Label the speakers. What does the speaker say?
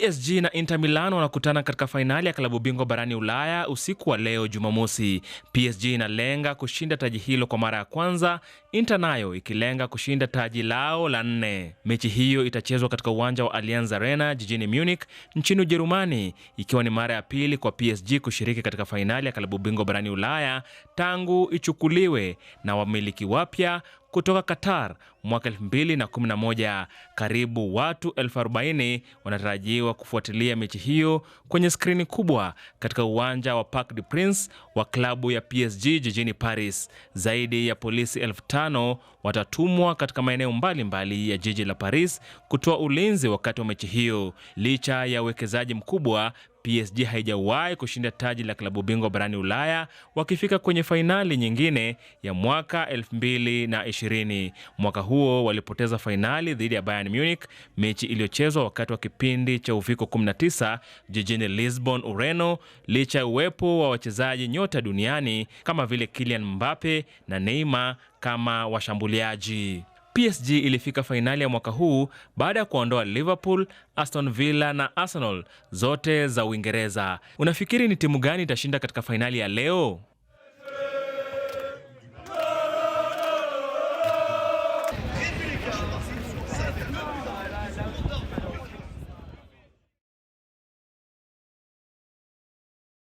Speaker 1: PSG na Inter Milan wanakutana katika fainali ya klabu bingwa barani Ulaya usiku wa leo Jumamosi. PSG inalenga kushinda taji hilo kwa mara ya kwanza, Inter nayo ikilenga kushinda taji lao la nne. Mechi hiyo itachezwa katika uwanja wa Allianz Arena jijini Munich nchini Ujerumani, ikiwa ni mara ya pili kwa PSG kushiriki katika fainali ya klabu bingwa barani Ulaya tangu ichukuliwe na wamiliki wapya kutoka Qatar mwaka 2011. Karibu watu 40 wanatarajiwa kufuatilia mechi hiyo kwenye skrini kubwa katika uwanja wa Parc des Princes wa klabu ya PSG jijini Paris. Zaidi ya polisi elfu watatumwa katika maeneo mbalimbali ya jiji la Paris kutoa ulinzi wakati wa mechi hiyo. Licha ya uwekezaji mkubwa PSG haijawahi kushinda taji la klabu bingwa barani Ulaya wakifika kwenye fainali nyingine ya mwaka 2020. Mwaka huo walipoteza fainali dhidi ya Bayern Munich, mechi iliyochezwa wakati wa kipindi cha uviko 19 jijini Lisbon, Ureno, licha ya uwepo wa wachezaji nyota duniani kama vile Kylian Mbappe na Neymar kama washambuliaji. PSG ilifika fainali ya mwaka huu baada ya kuondoa Liverpool, Aston Villa na Arsenal zote za Uingereza. Unafikiri ni timu gani itashinda katika fainali ya leo?